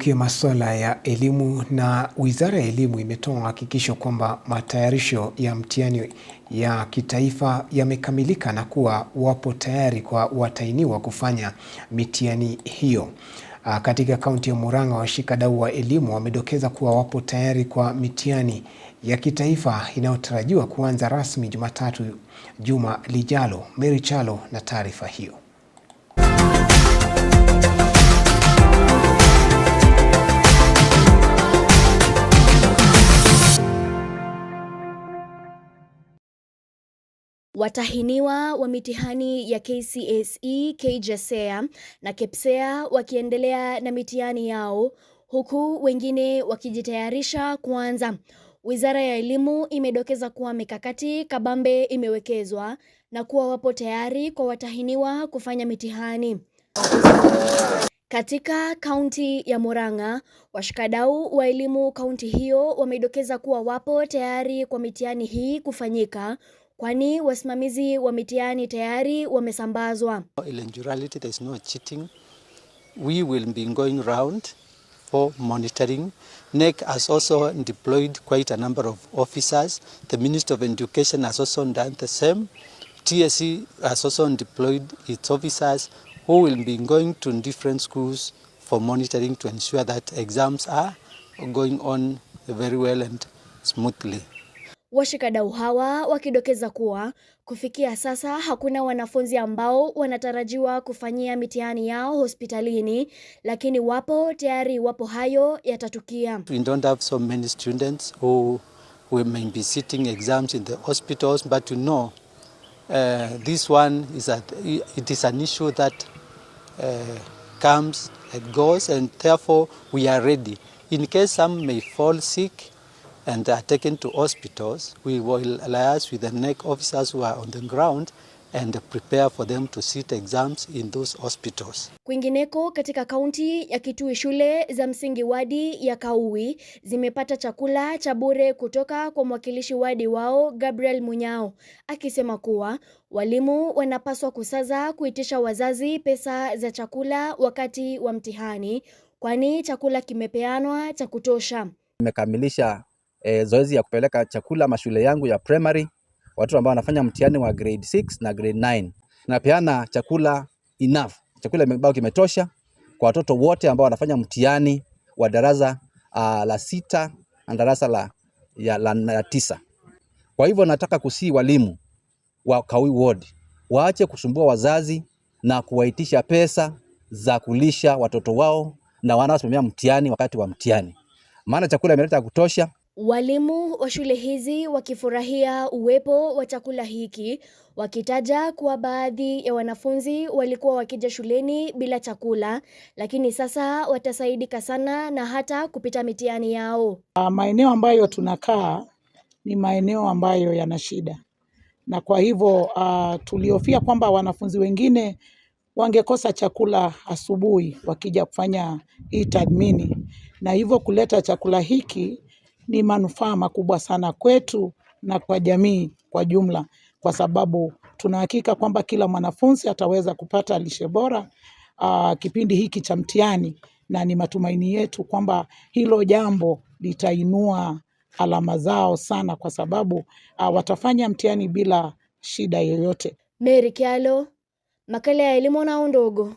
Tugeukie masuala ya elimu na Wizara ya Elimu imetoa hakikisho kwamba matayarisho ya mtihani ya kitaifa yamekamilika na kuwa wapo tayari kwa watahiniwa kufanya mitihani hiyo. Ah, katika kaunti ya Murang'a, washikadau wa elimu wamedokeza kuwa wapo tayari kwa mitihani ya kitaifa inayotarajiwa kuanza rasmi Jumatatu juma lijalo. Mary Kyalo na taarifa hiyo. Watahiniwa wa mitihani ya KCSE, KJSEA na KPSEA wakiendelea na mitihani yao huku wengine wakijitayarisha kuanza. Wizara ya Elimu imedokeza kuwa mikakati kabambe imewekezwa na kuwa wapo tayari kwa watahiniwa kufanya mitihani. Katika kaunti ya Murang'a, washikadau wa elimu kaunti hiyo wamedokeza kuwa wapo tayari kwa mitihani hii kufanyika kwani wasimamizi wa mitihani tayari wamesambazwa. Electorality no cheating. We will be going round for monitoring. NEC has also deployed quite a number of officers. The Minister of Education has also done the same. TSC e has also deployed its officers who will be going to different schools for monitoring to ensure that exams are going on very well and smoothly. Washikadau hawa wakidokeza kuwa kufikia sasa hakuna wanafunzi ambao wanatarajiwa kufanyia mitihani yao hospitalini, lakini wapo tayari iwapo hayo yatatukia. We don't have so many students who we may be sitting exams in the hospitals but you know uh, this one is a, it is an issue that uh, comes and goes and therefore we are ready in case some may fall sick and are taken to hospitals. We will liaise with the NEC officers who are on the ground and prepare for them to sit exams in those hospitals. Kwingineko katika kaunti ya Kitui, shule za msingi wadi ya Kauwi zimepata chakula cha bure kutoka kwa mwakilishi wadi wao Gabriel Munyao, akisema kuwa walimu wanapaswa kusaza kuitisha wazazi pesa za chakula wakati wa mtihani, kwani chakula kimepeanwa cha kutosha. Nimekamilisha e, zoezi ya kupeleka chakula mashule yangu ya primary, watoto ambao wanafanya mtihani wa grade 6 na grade 9. Napeana chakula enough, chakula ambao kimetosha kwa watoto wote ambao wanafanya mtihani wa darasa uh, la sita na darasa la, ya, la, la tisa. Kwa hivyo nataka kusii walimu wa Kawi Ward waache kusumbua wazazi na kuwaitisha pesa za kulisha watoto wao na wanaosimamia mtihani wakati wa mtihani, maana chakula imeleta ya kutosha. Walimu wa shule hizi wakifurahia uwepo wa chakula hiki, wakitaja kuwa baadhi ya wanafunzi walikuwa wakija shuleni bila chakula, lakini sasa watasaidika sana na hata kupita mitihani yao. Ah, maeneo ambayo tunakaa ni maeneo ambayo yana shida, na kwa hivyo uh, ah, tulihofia kwamba wanafunzi wengine wangekosa chakula asubuhi wakija kufanya hii tathmini, na hivyo kuleta chakula hiki ni manufaa makubwa sana kwetu na kwa jamii kwa jumla, kwa sababu tunahakika kwamba kila mwanafunzi ataweza kupata lishe bora uh, kipindi hiki cha mtihani, na ni matumaini yetu kwamba hilo jambo litainua alama zao sana, kwa sababu uh, watafanya mtihani bila shida yoyote. Mary Kyallo, makala ya elimu na Undogo.